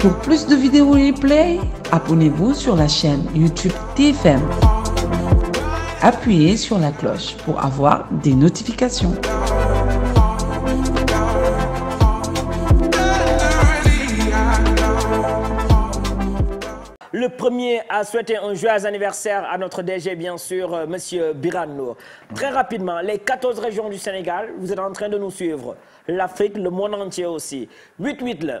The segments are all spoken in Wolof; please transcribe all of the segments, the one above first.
Pour plus de vidéos replay, abonnez sur la cloche pour avoir des notifications. Le premier à souhaiter un joyeux anniversaire à notre DG, bien sûr, euh, Monsieur Très rapidement, les 14 régions du Sénégal, vous êtes en train de nous suivre. L'Afrique, le monde entier aussi. 8-8 là.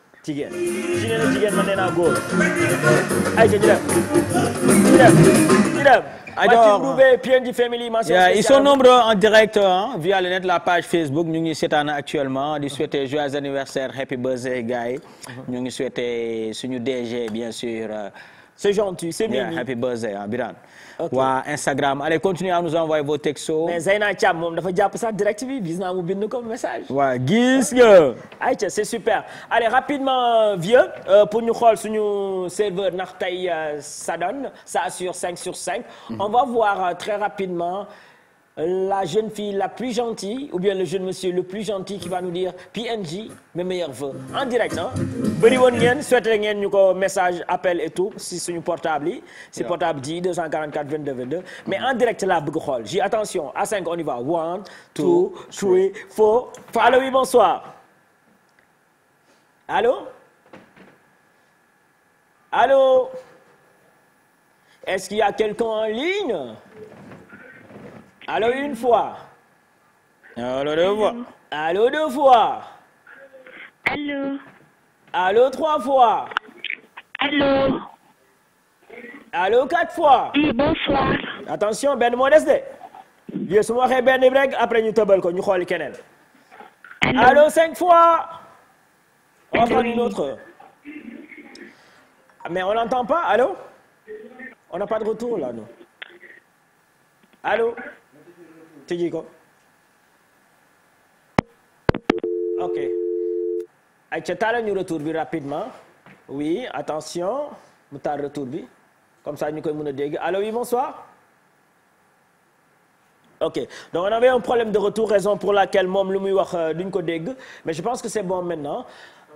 jigéen jigéen ak jigéen man nee naa góor ay ca ñu dem ñu dem ñu dem alors direct via le la page Facebook ñu ngi seetaan actuellement di souhaiter joyeux anniversaire happy birthday gars ñu ngi souhaiter suñu DG bien sûr. Euh, c'est gentil c'est mimi happy birthday ah Birane ok waa Instagram allez continuez à nous envoyer vos textos. mais Zeyna Thiam moom dafa jàpp sax direct bi gis naa message. waaw gis c'est super allez rapidement euh, vieux euh, pour ñu xool suñu serveur ndax tey euh, ça donne cinq assure 5 sur 5. Mm. on va voir très rapidement. la jeune fille la plus gentille ou bien le jeune monsieur le plus gentil qui va nous dire PNJ mes meilleurs vœux en direct ngeen ñu ko message appel et si suñu portable si portable ji 244 22 22. mais en direct laa bëgg xool j'ai attention à 5 on y va 1 2 3 4. allo oui bonsoir allo alo une fois. Allô deux fois. Allô deux fois. Allô. trois fois. Allô. quatre fois. Attention benn moo des de. Yéen su ma benn bi après ñu tëbal ko ñu xool keneen. Allô cinq fois. On prend une autre. Mais on n'entend pas. Allô? On n'a pas de retour là, non. Allô? tijji ko ok ay ca retour bi rapidement oui attention mu taal retour bi comme ça ñu koy mën a dégg allo oui bonsoir ok donc on avait un problème de retour raison pour laquelle moom lu muy wax euh, mais je pense que c'est bon maintenant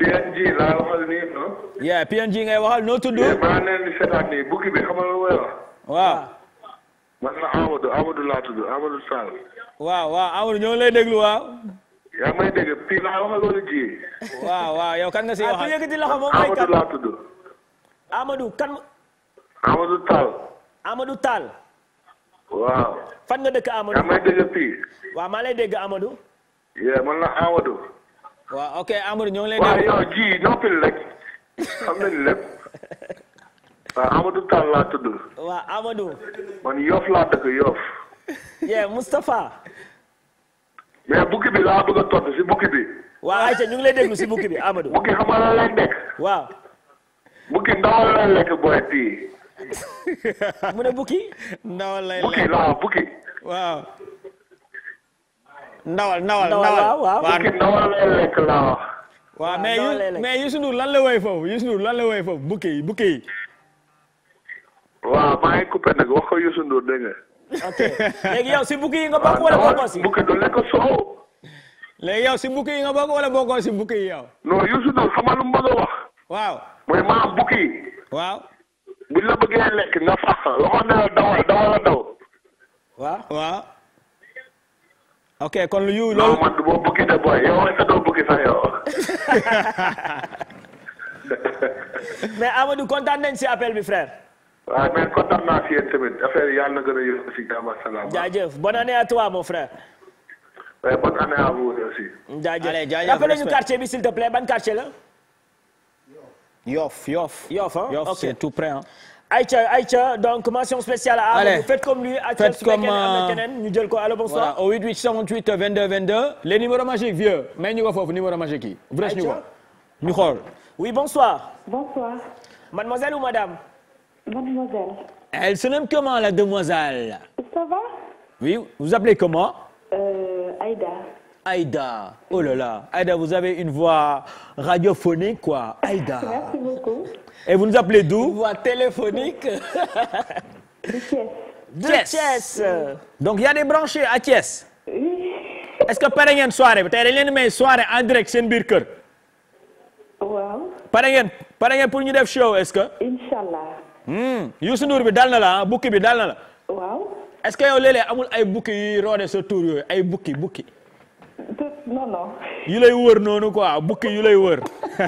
PNG laa waxal nii waxal noo tudd. maa neen di seetaan nii bukki bi xamal ma la Amadou Amadou laa Amadou Sall. waaw waaw Amadou ñoo ngi lay déglu waaw. yaa may dégg fii laa waxal wala ji. waaw waaw yow kan nga siy ah, waxal Amadou kan. Amadou Tall. Amadou Tall. waaw. fan nga dëkk Amadou. yaa may dégg fii. waaw maa lay dégg Amadou. yeah man la Amadou. waaw ok Amadou ñoo ngi lay. waaw yow ji noppil rek xam nañu lépp Amadou Tall laa tudd. waaw Amadou. man Yoff laa dëkk Yoff. yee Moustapha. mais bukki bi laa bëgg a si bukki bi. waaw ayca ñu ngi lay déglu si bukki bi Amadou. bukki xam nga lan lay waaw. bukki ndawal lay lekk booy tii. mu ne bukki. ndawal lay lekk bukki laa waaw. ndawal ndawal ndawal waaw ndawal lay lekk ah, lan la woy foofu Youssou Ndour lan la woy foofu bukki yi bukki yi waaw nag wax ko Youssou Ndour dégg nga ok léegi yow si bukki yi nga ah, si bukki nga bokk wala bokkoo si bukki yi yow non Youssou Ndour xamal lu mu a wax waaw mooy maam bukki yi waaw buñ la bëggee lekk nga fax waxoon na la dawal dawal daw waaw ok kon lu yu loolu. man du ma bukki de boy yow est doo bukki sax yow. mais Amadou kontaan si appel bi frère. waaw mais kontaan naa si yéen tamit affaire yi yàlla na gën a yóbbu si jàmm ak salaam. jaajëf bonne toi mon frère. oui bonne année à vous aussi. jaajëf allez te plaît ban quartier la. Yoff Yoff. Yoff c'est tout près ah. Aïcha Aïcha donc mention spéciale à. allez faites euh, ñu jël ko allo bonsoir. voilà au 88 128 22 22. les numéros magiques vieux may ñu ko xool. oui bonsoir. bonsoir. mademoiselle ou madame. mademoiselle. elle se nomme Aïda. Oh là là, Aïda, vous avez une voix radiophonique, quoi. Aïda. Merci vous nous appelez voix téléphonique. De Thiès. Donc, y a des branchés à Thiès. Oui. Est-ce que pare ngeen soirée bi dañ leen may soirée en direct seen biir kër. ngeen pare pour ñu def show est-ce que. incha allah. Hmm. Youssou Ndour bi dal la ah bukki bi la. est-ce que yow léeg-léeg amul ay bukki yuy roode sa ay bukki bukki. non non. yu lay wër noonu quoi bukki yu lay wër.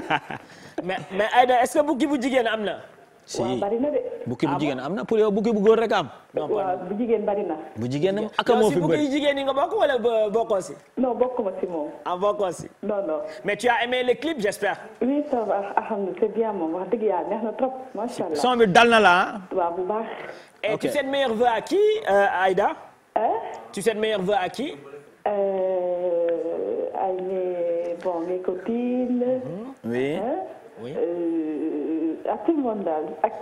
mais mais Aïda est-ce que bukki bu jigéen am na. si bari na de. bukki bu ah jigéen am na pour yow bukki bu góor rek am. non bu jigéen bari na. bu jigéen am ak moo fi bëri bukki jigéen yi nga bokk wala bokkoo si. non bokkuma si moom. ah bokkoo mais tu as aimé le clip j'espère. oui dal na la ah. bu baax. et tu souhaites meilleurs vœux à qui euh, tu souhaites meilleurs vœux à à mes, bon, mes copines. oui. oui ak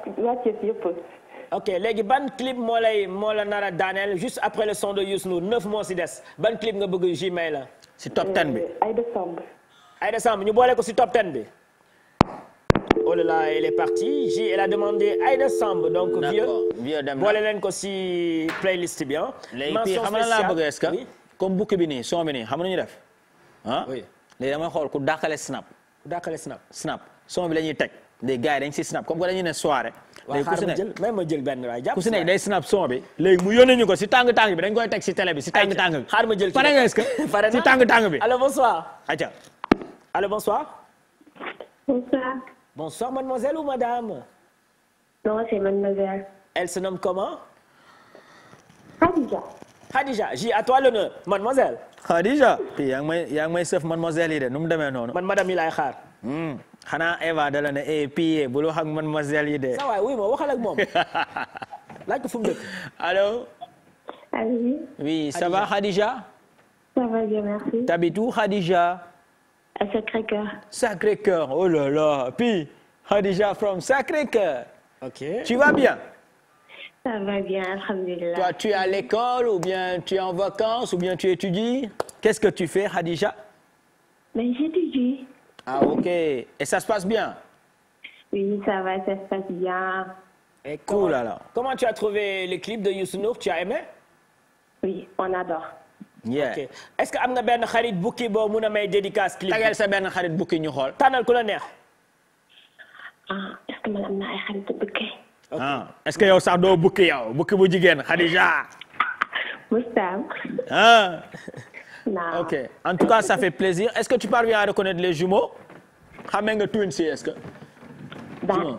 tout léegi ban clip moo lay moo la nar a daaneel juste après le son de Youssou Ndour neuf mois si des ban clip nga bëgg ji may la. si top 10 bi Aïda Samb. Aïda Samb ñu boole ko si top 10 bi. oh là là elle est partie J elle a demandé Samb donc. vieux vieux dem na boole leen ko si playlist bi ah. mention spéciale léegi fii xam laa bëgg est-ce que comme bukki bi nii son bi nii xam nañu def. ah léegi damay xool ku dàqale snap ku dàqale snap snap son bi la ñuy teg léegi gars yi si snap kom que dañuy ne soirée léegi ku si nekk ma jël benn jàpp ku si nekk day snap son bi léegi mu yónnee ñu ko si tàng tàng bi dañ koy teg si télé bi si tàng tàng bi xaar ma jël si tàng tàng bi allo bonsoir aca allo bonsoir bonsoir bonsoir mademoiselle ou madame non c'est mademoiselle elle se nomme comment Khadija Khadija j'ai à toi ah déjà yaa ngi may yaa mademoiselle yi de mu demee noonu. man madame yi laay xaar. Hmm. xanaa Eva dala ne eh pii bul mademoiselle yi de. sa waay ma moom laaj ko fu mu dëkk. allo. allo. oui ça va Khadija. ça va bien merci. t'habites où Khadija. Oh from Sacré-Cœur. ok tu vas bien. Ça va bien, alhamdoulilah. tu es à l'école ou bien tu es en vacances ou bien tu étudies? Qu'est-ce que tu fais, Khadija? Ben, j'étudie. Ah, OK. Et ça se passe bien? Comment tu as trouvé le clip de Youssou Ndour? Tu as aimé? Oui, on adore. Est-ce que am nga benn xarit bukki boo mun a may dédicace clip. tagal sa benn xarit bukki ñu xool. tànnal ku la neex. Ah, est-ce que man am na bukki. ah est-ce que yow sax doo bukki yow bukki bu jigéen Khadija. Moustapha. Ah. en tout cas ça fait plaisir est-ce que tu parviens à reconnaître les jumeaux. xamee nga twins est-ce que. Euh,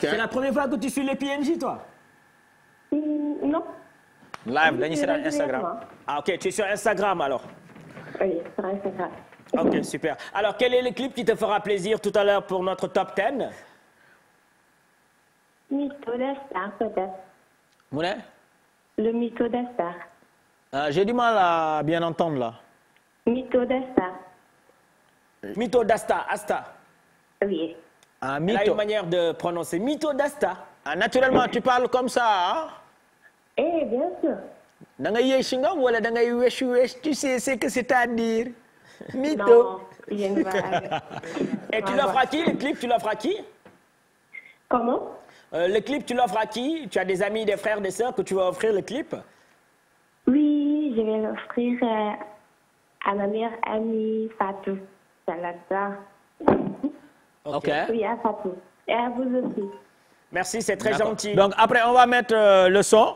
c'est la première fois que tu suis les PNJ toi. Hmm, non. live dañu Instagram ah, ok tu sur Instagram alors. Ok, super. Alors, quel est le clip qui te fera plaisir tout à l'heure pour notre top 10 Mytho des stars, Mu ne. le mytho des stars. Ah, j'ai du mal à bien entendre là. Mytho des stars. Mytho d'Asta, Asta. Oui. Ah, mytho. Elle a une manière de prononcer mytho d'Asta. Ah, naturellement, tu parles comme ça, hein? Eh, bien sûr. Da ngay yëy si nga wala da ngay wesh wesh, tu sais ce que c'est-à-dire. Mytho. Non, j'ai une Et tu l'offres à qui le clip Tu l'offres à qui Comment euh, Le clip, tu l'offres à qui Tu as des amis, des frères, des sœurs que tu vas offrir le clip Oui, je vais l'offrir euh, à ma meilleure amie Fatou Salazar. Ok. Oui, à Fatou. Et à vous aussi. c'est très gentil. Donc après, on va mettre euh, le son.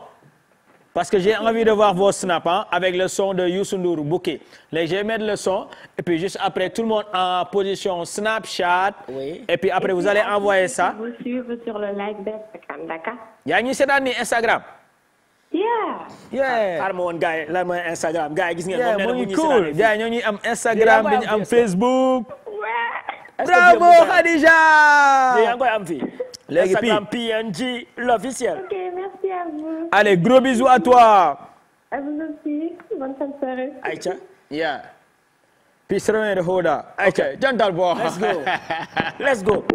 Parce que j'ai envie de voir vos snaps avec le son de Youssou Ndour Bouké. mettre le son et puis après tout le monde en position Snapchat. Et après vous allez envoyer ça. Vous suivre sur le ni Instagram. Yeah. Yeah. Xaar ma woon am Instagram dañu Facebook. bravo Khadija. lii yaa am fii. léegi pi Instagram PNG l'officiel. ok merci à vous. allez gros bisous à toi. à vous aussi bonne fin de Peace remain the holder. Okay, gentle boy. Let's go. Let's go.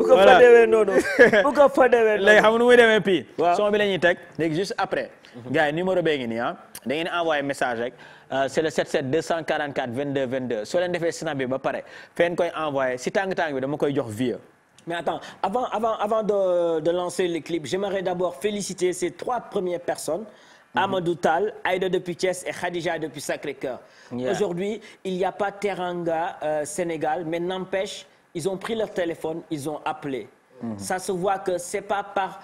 bu ko fa dewee noonu. bu ko fa dewee noonu. léegi bee ngi nii ah. ngeen envoyé message rek euh, c'est le 77 244 22 22 soo leen defee snap bi ba pare feen koy si tàng tàng bi dama koy jox vieux. Mais attends, avant, avant, avant de, de lancer le clip, j'aimerais d'abord féliciter Mhm. Amadou Tal, Aïda depuis Thiès et Khadija depuis Sacré-Cœur. Yeah. Aujourd'hui, il n'y a pas Teranga euh, Sénégal, mais n'empêche, ils ont pris leur téléphone, ils ont appelé. Mm -hmm. Ça se voit que c'est pas par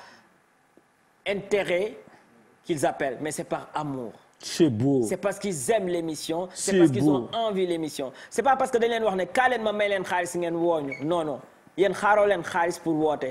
intérêt qu'ils appellent, mais c'est par amour. C'est beau. C'est parce qu'ils aiment l'émission, c'est parce qu'ils ont envie l'émission. C'est pas parce que dañ leen wax ne kaa leen ma may leen xaalis ngeen wooñu. Non non. Yéen xaaroo leen xaalis pour woote.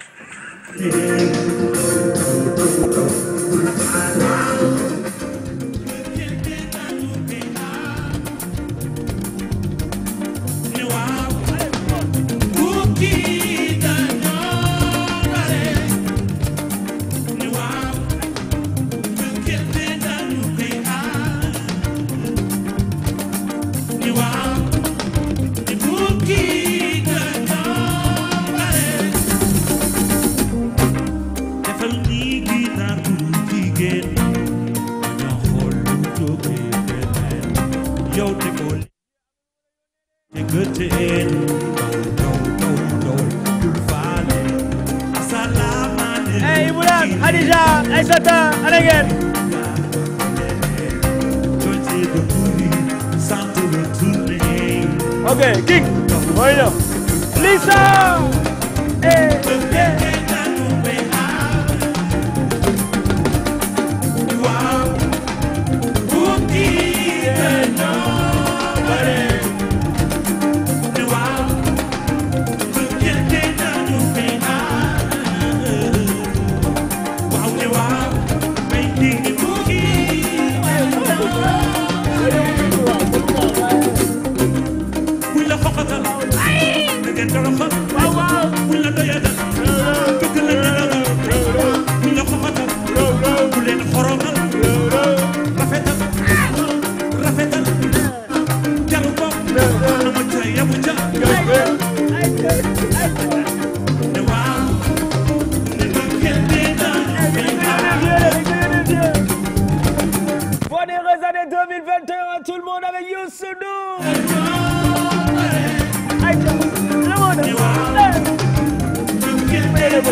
Thank you.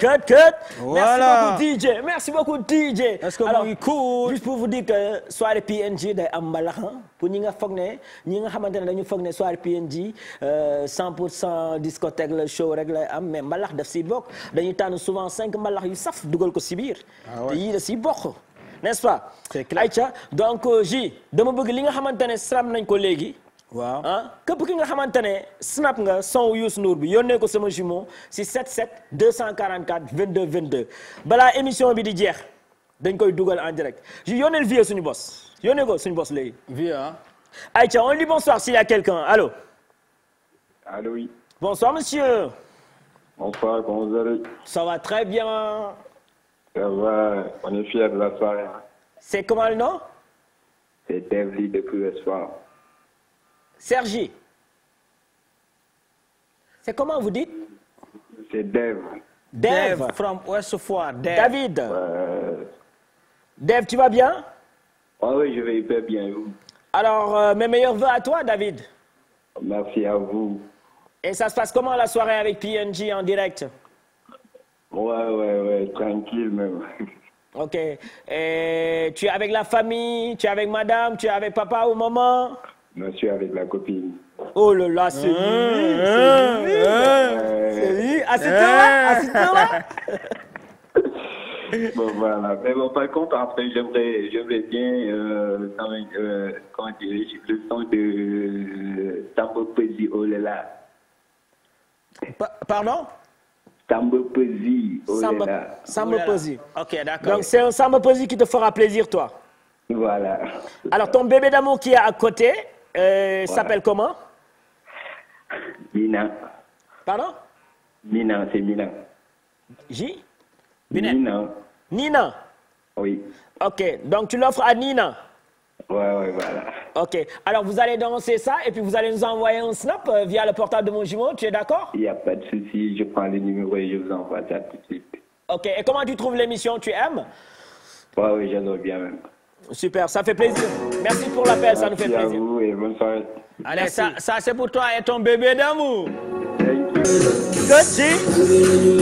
cut, cut. Voilà. Merci beaucoup DJ. Merci beaucoup DJ. Est-ce que Alors, cool. dire que soirée PNJ day am mbalax pour ñi nga foog ne ñi nga xamante ne dañu foog ne soirée PNJ 100 euh, pour 100 discothèque la show rek lay am mais mbalax def si bokk dañuy tànn souvent cinq mbalax yu saf dugal ko si biir. Ah te yii da siy bokk. n'est-ce pas. c'est clair donc euh, ji dama bëgg li nga xamante ne sram nañ ko léegi. waaw ah képp ki nga xamante ne snap nga son Youssou Ndour bi yónnee ko sama jumeau si 77 244 22 22 balaa émission bi di jeex dañ koy dugal en direct yónneel vie suñu bos yonne ko suñu bos léegi. vie ah. Aïcha on dit bonsoir s'il y a quelqu'un allô. allô oui. bonsoir monsieur. bonsoir comment vous allez. ça va très bien. ça va on est fiers de la soirée. c'est comment le nom. c'est Devly depuis le soir. Sergi. C'est comment vous dites? C'est Dave. Dave. Dave from Ouest Foire. David. Euh... Dave, tu vas bien? Ah oui, je vais hyper bien. Alors, euh, mes meilleurs vœux à toi, David. Merci à vous. Et ça se passe comment la soirée avec PNJ en direct? Ouais, ouais, ouais, tranquille même. Ok. Et tu es avec la famille, tu es avec madame, tu es avec papa ou maman? Monsieur avec la copine. Oh là là, c'est lui, c'est lui, c'est lui, à bon voilà, mais bon par contre après j'aimerais j'aimerais bien euh, euh, le son de euh, Tambo Pesi Olela. Oh pardon? Tambo Pesi Olela. Donc c'est un Samba Pesi qui te fera plaisir toi. Voilà. Alors ton bébé d'amour qui est à côté. Euh, voilà. s'appelle comment Mina. Pardon Mina, c'est Mina. J Binet. Nina. Nina Oui. Ok, donc tu l'offres à Nina Ouais, alors vous allez danser ça et vous allez nous envoyer un snap euh, via le portable de mon jumeau, tu es d'accord Il n'y a pas de souci, je prends les numéros et je vous envoie ça tout de suite. Ok, et comment tu trouves l'émission Tu aimes Super, ça fait plaisir. Merci pour l'appel, ça nous fait plaisir. Merci à vous et bonne soirée. Allez, Merci. ça, ça c'est pour toi et ton bébé d'amour. Merci.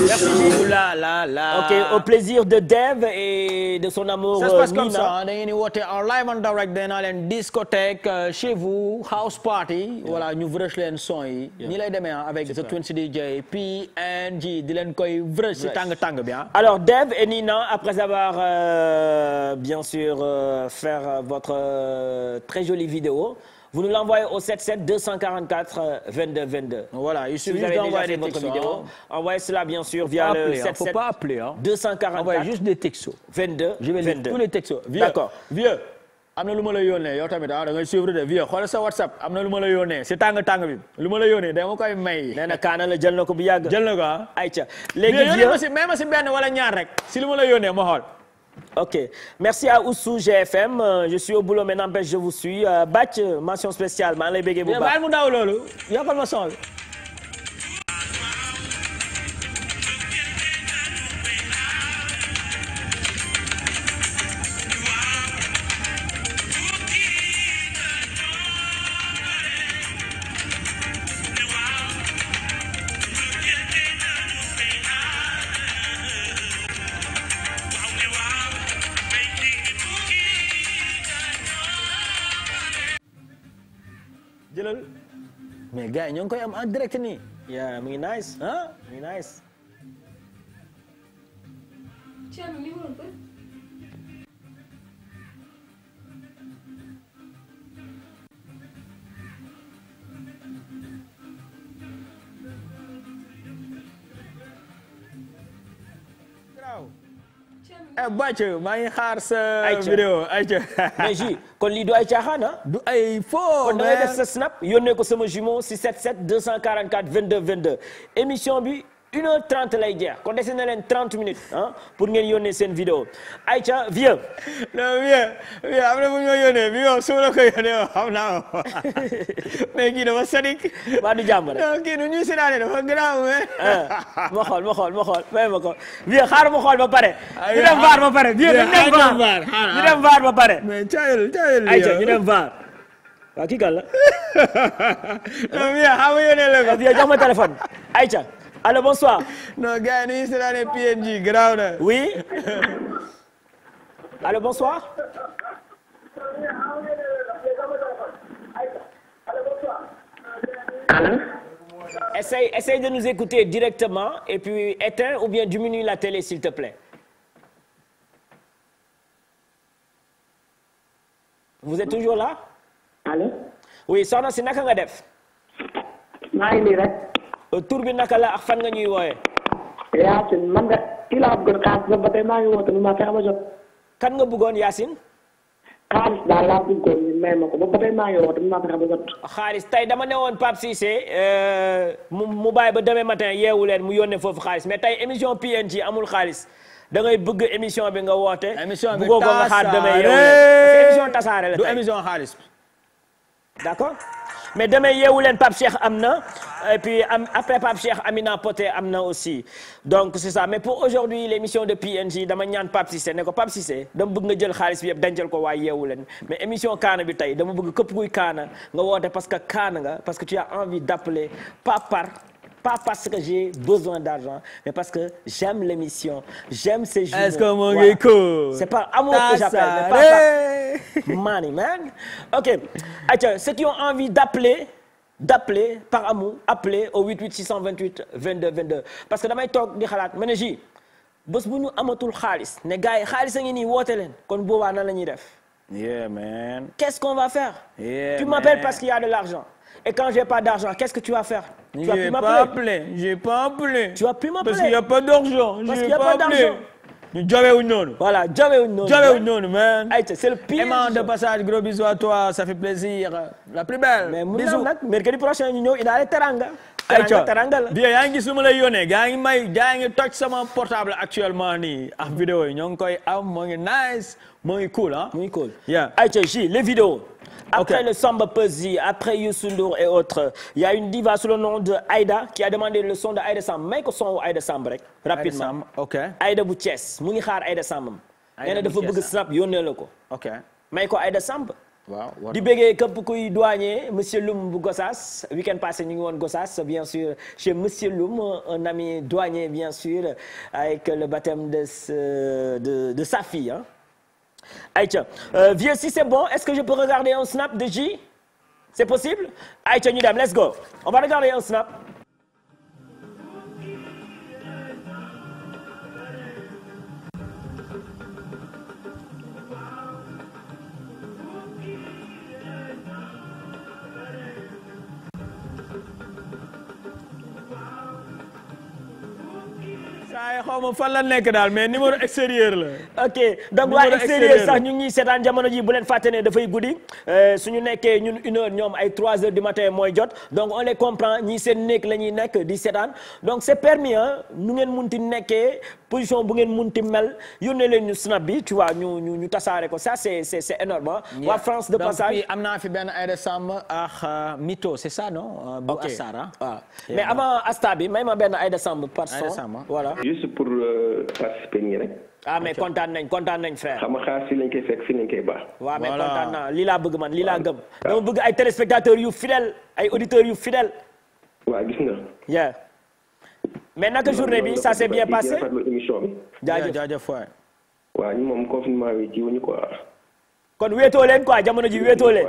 Merci. Là, là, là. ok au plaisir de Dev et de son amour. ça se passe comme ça da ngeen di woote en live and direct day naa leen discothèque euh, chez vous house party. voilà ñu vrëch leen son yi. ni lay demee avec The Twins DJ PNG di leen koy vrëch si tàng tàng bi alors Dev et Nina après avoir euh, bien sûr euh, faire votre euh, très jolie vidéo. vous nous l'envoyez au 77 244 22 22. Voilà, il suffit si d'envoyer des textos. Vidéo, envoyez cela bien sûr via appeler, le 77 faut pas appeler hein. 244 envoyez juste des textos. 22 je vais 22 tous les textos. D'accord. Vieux. am na lu ma la yónnee yow tamit ah da ngay suivre de vieux xoolal sa whatsapp am na lu ma la yónnee si tàng tàng bi lu ma la yónnee dama koy may. nee na kaana la jël na ko bu yàgg. jël na ko ah. ayca léegi vieux mais yónnee ma si même si benn wala ñaar rek si lu ma la yónnee ma xool. ok merci à Oussou GFM euh, je suis au boulot mais n'empêche je vous suis euh, Bac euh, mention spéciale maa ngi lay béggee bu baax. mais baal mu gars ñoo ngi koy am ah, en direct nii. yaa mu nice ah mu nice. Eh, Bathie maa ngi xaar sa. vidéo ayca mais ji kon lii du ay caaxaan ah. du ay faux kon da ngay def sa snap yónnee ko sama jumeau si 77 244 22 22 émission bi. une heure trente lay jeex kon dese na leen trente minutes ah pour ngeen yónnee seen vidéo Aïcha vieux. non vieux vieux am na bu ñu yónnee bi moom su ma la ko yónnee woon xam naa moom mais kii dafa sadik. waa du jàmm rek non kii nu ñuy séddaane dafa garaaw mais. Ah, ma xool ma xool ma xool may ma ko vieux xaar ma xool ba pare. ñu dem vaar ba pare vieux ñu dem vaar ba pare. mais caayal caayal Aïcha ñu dem vaar. la. non vieux xam nga yónnee la ko. vieux jox ma téléphone alo bonsoir. non gars yi nañu seetaan PNJ garaaw na. oui. allo bonsoir. allo. essaye essaye de nous écouter directement et puis éteins ou bien diminue la télé te plaît. vous êtes toujours là. allo. oui soxna si naka nga def. maa ngi nii Euh, tur bi naka la ak fan nga ñuy wooyee. Yacine ma fexe ma jot. kan nga buggoon Yacine. xaalis daal laa bëggoon may ma ko ba tey maa ngi xaalis tey dama ne woon Pape Cissé euh, mu mu bàyyi ba demain matin yeewu leen mu yónnee foofu xaalis mais tey émission PNJ amul xaalis. dangay bëgg émission bi nga woote. émission bi bëggoo ko nga xaar tasaare la du émission xaalis. d'accord mais demee yeewu leen Pape Cheikh am na. et puis après Pape Cheikh Amina Poté am na aussi donc c'est ça mais pour aujourd'hui l'émission de PNJ dama ñaan Pape Cissé ne ko Pape Cissé dama bëgg nga jël xaalis bi yëpp dencal ko waaye yeewu leen mais émission kaana bi tey dama bëgg këpp kuy kaana nga woote parce que nga parce tu as envie d'appeler pas par pas parce que j'ai besoin d'argent mais parce que j'aime l'émission j'aime ces jours est que mon ngi cool c'est par amour que j'appelle mais pas par money man ok aca ceux qui ont envie d'appeler par amour appeler au 88 628 22 parce que damay toog di xalaat ma ne ji bés bu ñu xaalis ne gars yi xaalis a ngi nii woote leen kon boobaa nan la ñuy def. yeah man. qu'est-ce qu'on va faire. tu m'appelles parce qu'il y a de l'argent et quand j'ai pas d'argent qu'est-ce que tu vas faire. tu vas plus m'appeler parce qu'il y a pas d'argent. j'ai pas appelé parce a pas d'argent. jobewuñ noonu. voilà jobewuñ noonu. jobewuñ noonu man. ayca c'est le pire. Emma de passage gros bisous à toi ça fait plaisir. la plus belle. mais mun naa nag mercredi prochain ñu ñëw indaale teranga. ayca taranga la yaa ngi su ma lay yónnee gaa ngi may gaa ngi toj sama portable actuellement ni ak ah, vidéo yi ñoo ngi koy am moo ngi nice moo ngi cool ah. moo ji les vidéos. Après le Samba Peuzzi, après Youssou Ndour et y a une diva sous le nom de Aïda qui a demandé le son de Aïda Samb. May ko son Aïda Samb rek rapidement. Aïda Samb OK. Aïda bu Thiès mu ngi xaar Aïda Samb. Aïda bu Thiès ah. snap yónnee la ko. May ko Aïda Samb. waaw di béggee képp kuy douanier monsieur Loum bu Gossas week-end passé ñu ngi woon Gossas bien sûr chez monsieur Loum un ami douanier bien sûr avec le baptême de ce, de de sa fille hein. Aïcha euh, vieux si c'est bon est-ce que je peux regarder un snap de J c'est possible Aïcha ñu dem let's go on va regarder un snap. waaye xaw ma fan la nekk daal mais numéro extérieur la. ok donc waa extérieur sax ñu ngi ñuy jamono ji bu leen fàtte dafay guddi euh, suñu nekkee ñun une heure ñoom ay trois heures du matin mooy jot donc on les comprend ñii seen nekk la nekk di seetaan donc c'est permis nu ngeen munti nekkee position bu ngeen munti mel yónnee leen ñu snap bi tu vois ñu ñu tasaare ko sa c'est c'est c'est waa France de passage am naa fi benn Aïda Samb ak euh, Mito c'est ça non. Euh, bu Asara waaw mais avant Asta bi may ma benn Aïda Samb par son voilà. juste pour euh, participer nii rek. ah mais kontaan nañ kontaan nañ frère. xam xaar si lañ fekk si lañ baax. voilà mais kontaan naa lii laa bëgg man lii laa gëm. dama bëgg ay téléspectateurs yu fidèles ay auditeurs yu fidèles. waaw gis nga. mais naka journée bi ça s'est bien passé émission bi jaajëf jaajëf waay waaw moom confinement bi ci wuñu quoi kon wéetoo leen quoi jamono ji wéetoo leen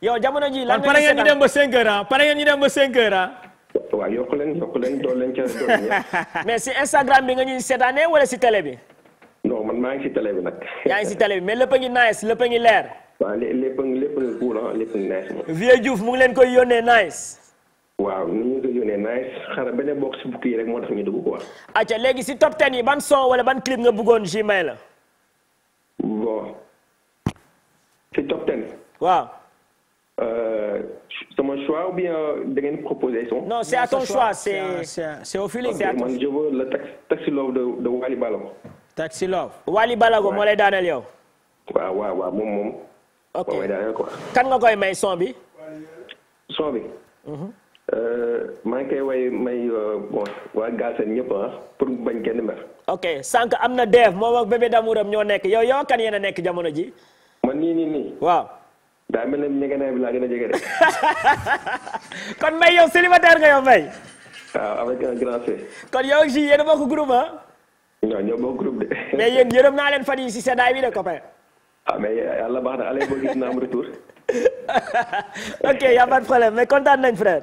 yow jamono ji lan pare ngeen ñu dem ba 5 heures ah pare ngeen ñu dem ba 5 heures ah waaw yokk leen yokk leen dool leen ca mais si Instagram bi nga ñuy seetaanee wala si télé bi non man maa ngi si télé bi nag yaa ngi si télé bi mais lépp a ngi nice lépp a ngi leer waaw lépp a ah. leen koy yónnee nice waaw mais xara bañ a bokk si bukki yi rek moo tax ñu dugg quoi. acca léegi si top ten yi ban son wala ban clip nga bëggoon Jimay la. bon si top wa waaw. Euh, sama choix ou bien da ngeen non c'est à ton choix c'est c'est au feeling. man je veux le taxi taxi love de de Wally Balago. taxi love. Wally Balago moo lay daaneel yow. waaw waaw waaw moom moom. ok moo lay daaneel quoi. may son bi. son mhm. Euh, maa ngi koy way may euh, bon waa Galsen ñëpp ah pour bañ kenn mer. ok sànq am na Dev moom ak bébé Damour am ñoo nekk yow yow kan yéen nekk jamono ji. man nii nii nii. waaw. daa mel ne ñegenaay bi laa gën a jege de. kon may yow célibataire nga yow may. waaw avec un grand C. kon yow si yéen a bokk groupe ah. ñoo bokk groupe de. mais yéen yërëm naa leen fan yi si seddaay bi de copain. ah mais yàlla baax na allez boo gis naa am retour. ok y' a problème mais kontaan nañ frère.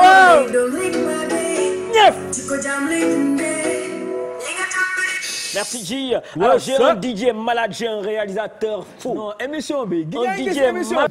waaw ñëf. merci J. alors j'ai un DJ malade j'ai un réalisateur fou. non émission bi. un DJ malade.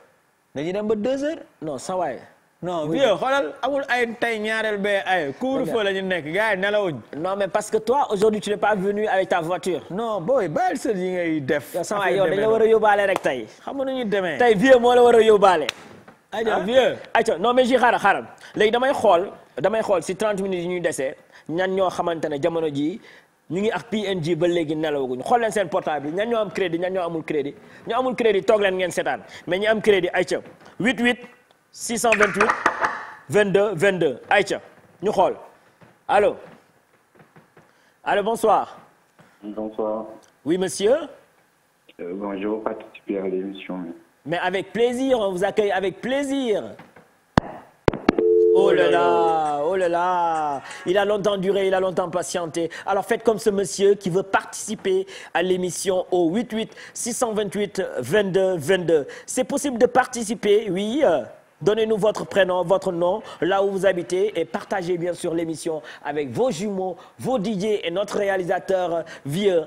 dañuy dem ba deux heures non sawaay non vieux xoolal amul ay tey ñaareel ba ay couvre-feu la ñu nekk gars yi nelawuñ no mais parce que toit aujourd'hui tu n'es pas venu avec ta voiture non booy bàyyil sën yi ngay def yow sama yow dañu war a yóbbaale rek tey xam nga nu ñuy demee tey vieux moo la war a yóbbaale ayca ah. vieux ayca non mais ji xaaral xaaral léegi damay xool damay xool si 30 minutes yi ñuy desee ñan ñoo xamante ne jamono jii ñu ngi ak PNG ba léegi nelawaguñu xool leen seen portable yi ñan ñoo am crédit ñan ñoo amul crédit ñu amul crédit toog leen ngeen seetaan mais ñi am crédit ay 88 628 22 22 ayca ñu xool allo allo bonsoir. bonsoir. oui monsieur. Euh, bonjour participer à l'émission. mais avec plaisir on vous accueille avec plaisir. oh là là. Oh là là, il a longtemps duré, il a longtemps patienté. Alors faites comme ce monsieur qui veut participer à l'émission au 88 628 22 de participer, oui. Donnez-nous votre prénom, votre nom, là et partagez bien sûr l'émission avec vos jumeaux, et notre réalisateur vieux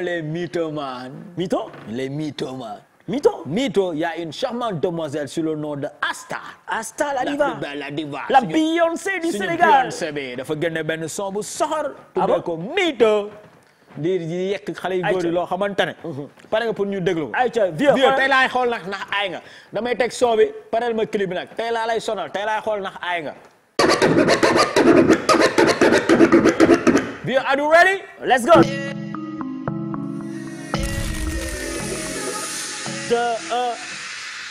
les mythomanes? Mytho? Les mythomanes. Mito. Mito, il y a une charmante demoiselle sur le nom de Asta. Asta la diva. La plus belle, la diva. La Beyoncé du Sénégal. Suñu Beyoncé bi dafa génne benn son bu ah ko Mito. di yekk xale yu góor loo xamante ne. Mhm. pare nga pour ñu déglu. ayca vieux vieux tey laay xool nag ndax damay teg son bi pareel ma clip bi nag tey laa lay sonal tey laay xool ndax aay nga. vieux are ready? let's go. 2-1. Euh,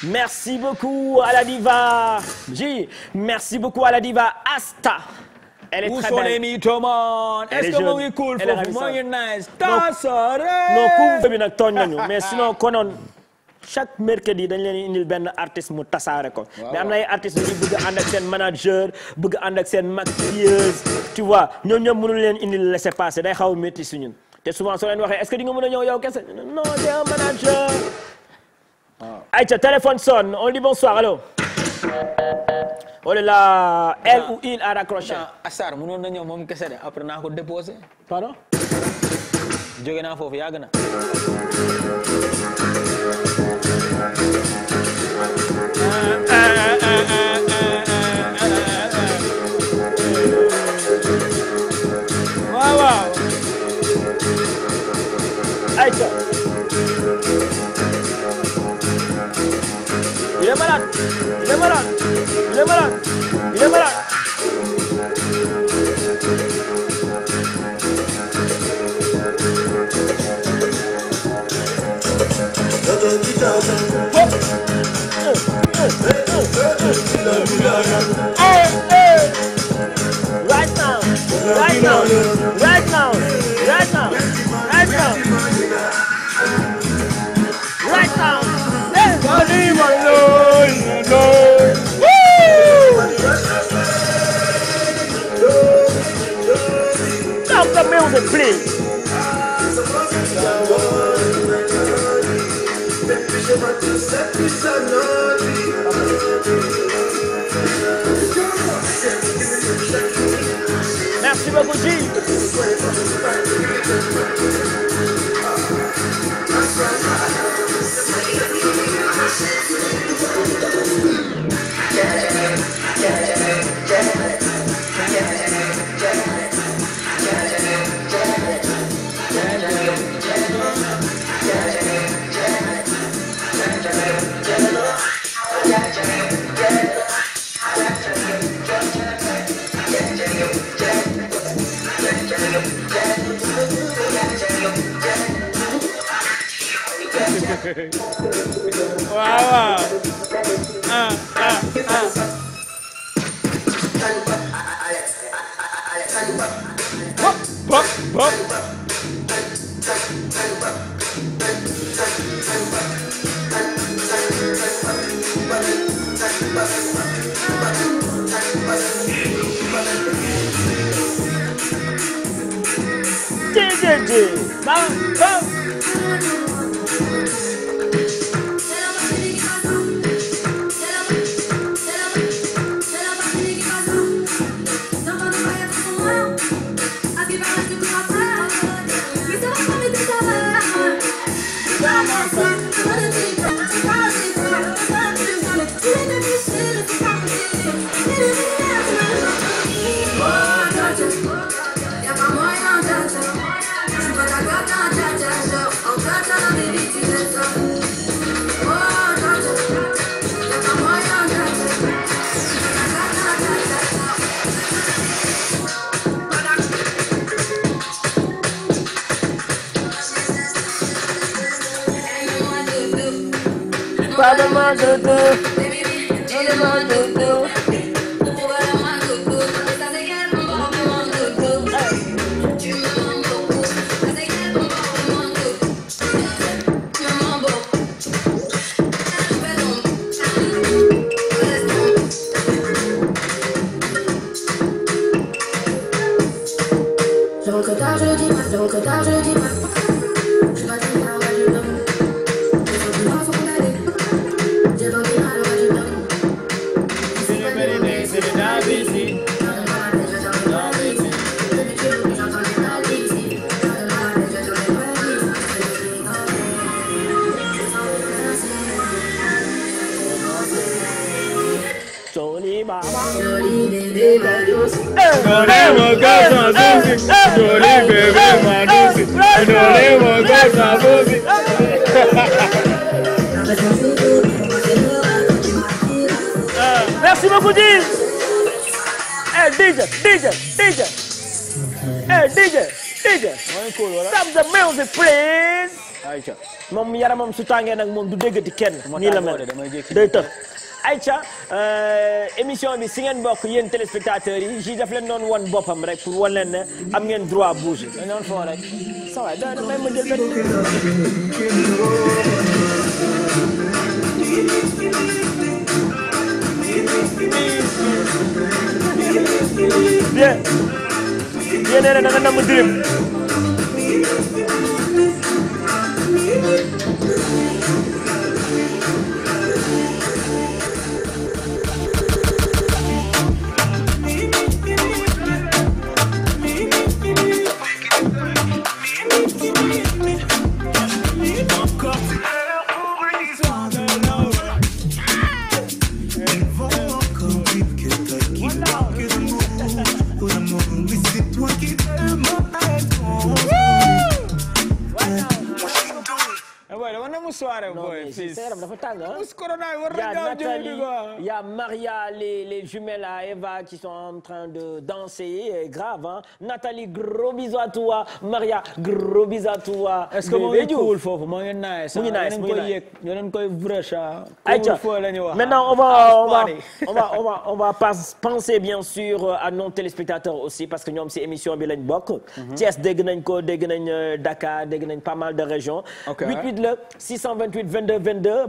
merci beaucoup à la diva. J. Merci beaucoup à la diva Asta. Elle est Où très belle. Elle est jeune. Elle est ravissante. non couvre-feu bi nag tooñ nañu mais sinon konoon chaque mercredi dañ leen indil benn artiste mu tasaare ko. mais am na ay artistes yu bëgg ànd ak seen manager bëgg ànd ak seen maquilleuse. tu vois ñoom ñoom mënul leen indil laisser passer day xaw a métti si ñun te souvent soo leen waxee est-ce que di nga mën a ñëw yow kese non c'est un manager. ayca ah. téléphone sonne on dit bonsoir allo. oh là là elle ou il a Assar mënoon na ñëw moom kese de après naa ko déposé. pardon. jóge naa foofu yàgg na. Il est malade. Il est malade. Il est malade. Right now, right now. Vamos, Gil! Dieu. What am I to do? What am I to do? What am I to do? What am I to do? Je rentre tard, je dis pas, je rentre tard, je dis pas. mo gọ́sàn sósì torí bèbè màdùsì torí mo gọ́sàn sósì. Merci beaucoup, DJ. Hey, DJ, DJ, DJ. Hey, DJ, DJ. Stop the music, please. moom yaramam su tàngee nag moom du déggati kenn. nii la mel day tëx. ayca euh, émission bi si ngeen bokk yéen téléspectateurs yi ji daf leen noonu won boppam rek pour won leen ne am ngeen droit bouger dañ noonu foo rek sa waay da may ma jël benn bien yéen nee na Touba a Maria, les, les jumelles à Eva qui de danser. Et grave, hein. Nathalie, gros bisous à toi. Maria, gros bisous à toi. Est-ce que mu ngi cool foofu mu ngi nice. mu ngi nice mu ngi parce que ñoom si émission bi lañ bokk. Mhm. Thiès ko dégg nañ euh, Dakar dégg nañ pas mal de régions.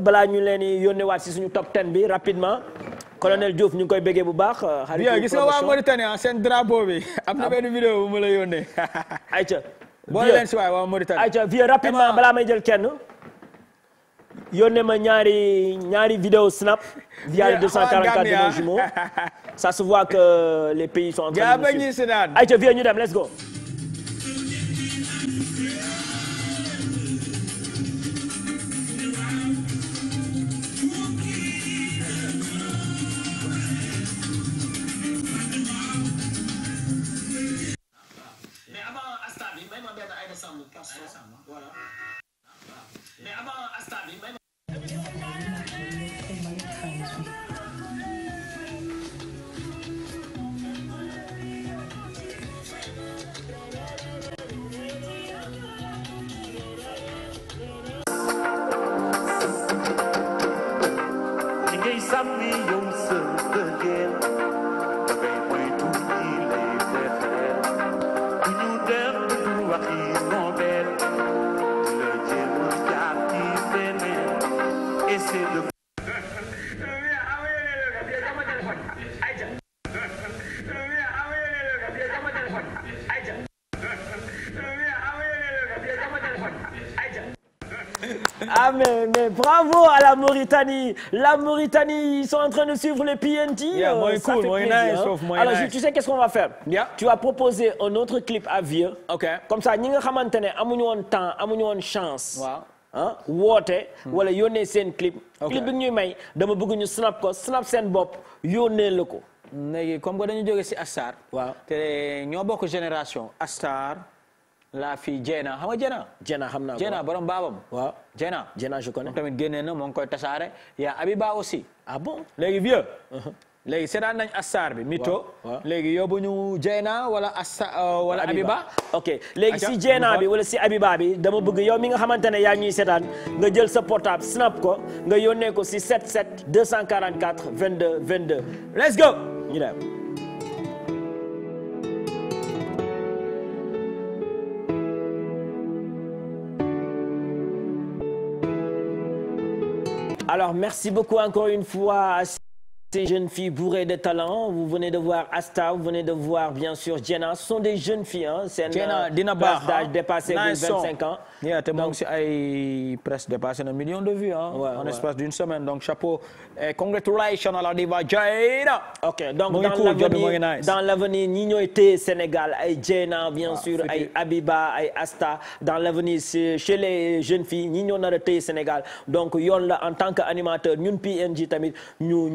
balaa ñu leen di yónneewaat si suñu top 10 bi rapidement. colonel Diouf ñu ngi koy béggee bu baax. Euh, xarit bi gis nga waa Mauritanie ah, seen drapeau bi. am na benn vidéo bu ma la yónnee. ayca vieux boole rapidement balaa may jël kenn. yónnee ma ñaari ñaari vidéo snap. via les 244 de nos que les pays sont en train de nous suivre ayca ñu dem let's go. voilà mais avant asta bi may bravo à la Mauritanie la Mauritanie i sont en train de suivre le PNT. Yeah, euh, ça cool, fait plaisir hein. alors nice. tu sais qu'est-ce qu'on va faire. tu vas proposer un autre clip à Vieux. comme ça ñi nga xamante ne amuñu woon temps amuñu woon chance. Wow. ah woote. wala yónnee seen clip. clip bi ñuy may dama bëgg ñu snap ko snap seen bopp yónnee la ko. léegi comme que dañu jógee ci Astar. waaw te ñoo bokk génération Astar. laa fi Jena xam nga Jena. Jena xam naa ko Jena borom baabam. waaw Jena. Jena je connais. tamit génne na mu ngi koy tasaare. yaa Abiba aussi. ah bon léegi vieux. Uh-huh. léegi seetaan nañ Astar bi. mito léegi yóbbu ñu Jena wala Assa euh, wala Abiba. ok léegi si Jena bi wala si Abiba bi dama bëgg yow mi nga xamante ne yaa ñuy seetaan nga jël sa portable snap ko nga yónnee ko si 77 244 22 22 let's go ñu dem. Alors, merci beaucoup encore une fois. Ces jeunes filles bourrées de talent, vous venez de voir Asta, vous venez de dina euh, baax d'âge dépassé vingt cinq ans ñee te mu ngi si million de vues hein, ouais, en ouais. espace d'une semaine la diva Jenna. OK dans l'avenir dans l'avenir ñi ñooy téye Sénégal ay Jenna bien ah, sûr ay Abiba Asta dans l'avenir chez les jeunes filles ñi ñoo nar a téye Sénégal yoon la en tant que animateur ñu ñu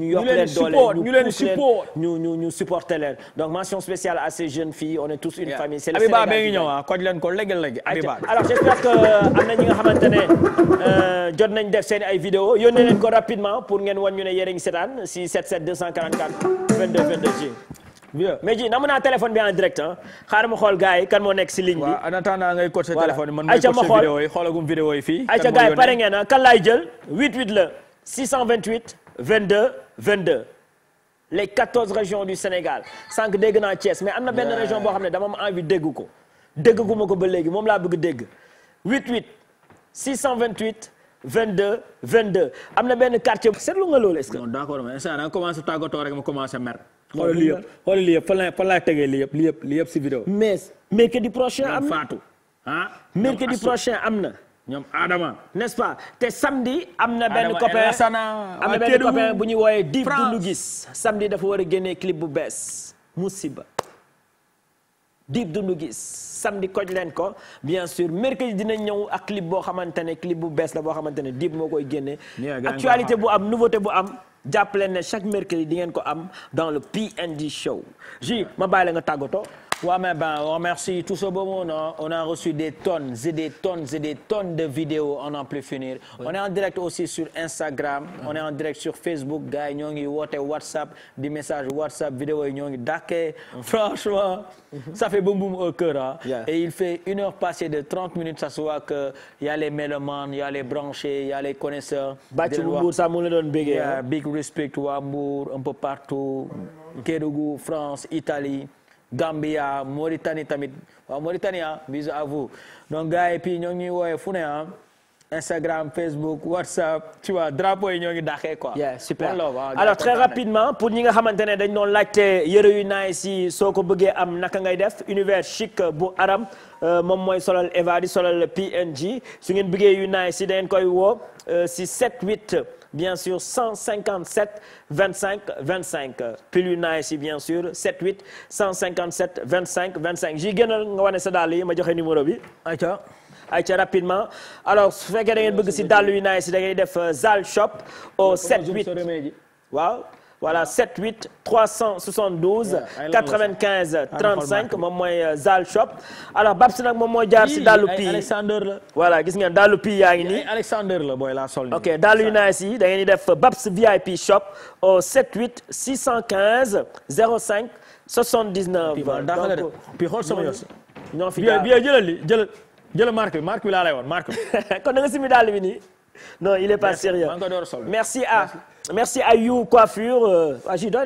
yokk leen doole ñu leen support ñu ñu ñu supporter leen donc mention spéciale à ces jeunes filles on est tous une famille c'est le Sénégal Abiba bee ngi ñëw ah koj leen ko léegi léegi Abiba alors j'espère que euh, am na ñi nga xamante ne euh, jot nañ def seen ay vidéo yónnee leen ko rapidement pour ngeen wan ñu ne yéen a ngi seetaan si 77 244 22 22 ji bien mais ji namu naa téléphone bi en direct ah xaaral ma xool gars yi kan moo nekk si ligne bi. waaw en attendant ngay coché man may coché vidéo yi xoolagum vidéo yi fii. ayca gars yi pare ngeen ah kan laay jël 88 la 628 22 les 14 régions du Sénégal sànq dégg naa Thiès mais am na benn région boo xam ne dama am dégg ko dégg gu ma ko ba léegi moom laa bëgg dégg 88 628 22 22 am na benn quartier seetlu nga loolu est-ce que. non d'accord mais instant da nga commencé rek ma commencé mer. xool lii yëpp xool lii yëpp fan laay fan laay tegee lii yëpp lii yëpp lii yëpp si vidéo. mais mercredi prochain am na faatu ah. mercredi prochain am na. ñoom Adama. n'est-ce pas te samedi am na benn copain am na bu ñuy wooyee Dip Doundou gis samedi dafa war a génnee clip bu bees musiba Dip Doundou Guiss samedi koj leen ko bien sûr mercredi dina ñëw ak clip boo xamante ne clip bu bees la boo xamante ne Dip moo koy génne actualité bu am nouveauté bu am jàpp leen ne chaque mercredi di ngeen ko am dans le PND show ji ma bàyyi la nga tàggatoo Ouais, mais ben, on remercie tout ce beau monde. Hein. On a reçu des tonnes et des tonnes et des tonnes de vidéos. On n'en peut finir. Oui. On est en direct aussi sur Instagram. Mm. On est en direct sur Facebook. Gars, ñoo ngi woote WhatsApp. Des messages WhatsApp, vidéo ñoo ngi dàkkee. Mm. Franchement, mm-hmm. ça fait boum boum au cœur. Hein. Yeah. Et il de 30 minutes. Ça se voit que y a les mélomanes, y a les branchés, il y a les connaisseurs. Bàcc Mbour, ça mu la doon bégee. Big respect waa Mbour, un peu Gambia Mauritanie tamit waaw Mauritanie ah bisous à vous donc gars pi puis ñoo ngi ñuy fu ne ah Instagram Facebook WhatsApp tu vois drapeau yi ñoo ngi dàqee quoi. yeah super alors très rapidement pour ñi nga xamante ne dañ doon laajte yëre yu naay si soo ko bëggee am naka ngay def univers chic bu aram euh, moom mooy solal solo di solal PNG su ngeen bëggee yu naay si da ngeen koy woo euh, si 7 8. bien sûr 157 25 25 pile yu naay si bien sûr 78 157 25 25 ji gënal nga wane sa dàll yi ma joxe numéro bi ayca ayca rapidement alors su fekkee da ngeen bëgg si dàll yu naay si da ngay def euh, Zal Shop au 78 waaw voilà 78 372. 95 35 moom mooy euh, Zal Shop. alors Babs moom mooy jaar si dàllu pii Alexander la. voilà gis ngeen dàllu pii yaa ngi nii. Alexander la booy laa sol. ok dàllu yu nice da ngeen di def Babs VIP Shop au 78 615 05 79. donc puis xool sama yos. ñoo fi daal bien bien jëlal bi marque bi laa merci Ayou coiffure waa ji doy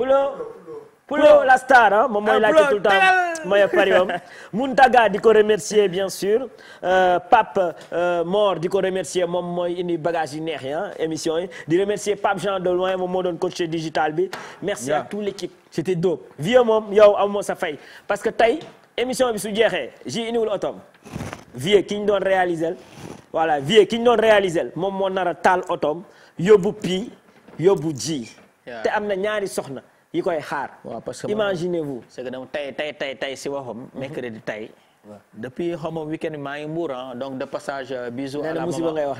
Pulo Pulo la star ah moom mooy laajte tout le temps di ko remercier bien sûr euh, pap euh, Mor di ko remercier moom mooy indi bagage yi neex ya émission yi di remercier Pape Jean de loin moom moo doon coach digital bi merci à toute l'équipe c'était dope vieux moom yow amoo sa fay parce que tey émission bi su jeexee ji indiwul otom vieux ki ñu doon réaliser voilà vieux ki ñu doon réaliser moom moo nar a taal otom yóbbu pii yóbbu ji te am na ñaari soxna yi koy xaar. waaw parce que imaginez vous. c'est mhm. depuis xaw ma week-end ah, donc de passage. Euh, bisou à musiba ngay wax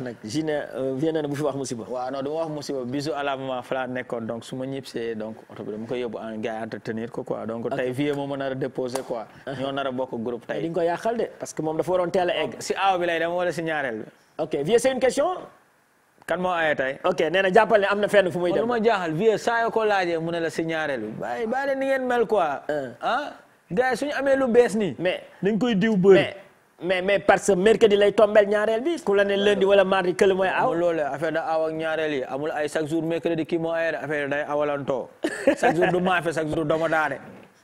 euh, wax musiba. waaw non ma wax nekkoon donc su ma ñibbisee donc oto bi dama koy yóbbu entretenir ko quoi donc tey vie moom nar a déposer quoi. ñoo nar a bokk parce que moom dafa waroon teel si aaw bi lay si ñaareel ok vie c'est une question. kan moo aaye tey ok nee jàppal ne am na fenn fu muy jëm. ma jaaxal vieux saa ko laajee mu ne la si ñaareelu. bàyyi bàyyi ni euh. ah? nii. mais nañ koy diw bëri. mais parce que mercredi lay tombel ñaareel bi ku la ne lundi wala mardi kële mooy aw loolu affaire da aw ñaareel yi amul ay chaque jour mercredi kii moo aye affaire day awalantoo chaque jour du maafe chaque jour dama daane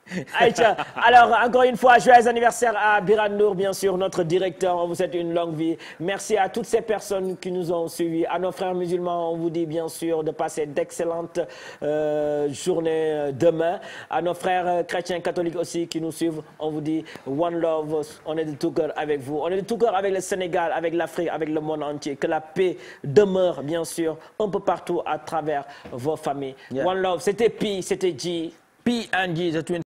Aïcha alors encore une fois joyeux anniversaire à bien sûr notre directeur on vous souhaite une longue vie merci à toutes ces personnes qui nous ont suivis à nos frères musulmans on vous dit bien sûr de passer d'excellentes euh, journées euh, demain à nos frères euh, chrétiens catholiques aussi qui nous suivent on vous dit on est de tout cœur avec vous on est de tout cœur avec le Sénégal avec l'Afrique avec le monde entier que la paix demeure bien sûr un peu partout à travers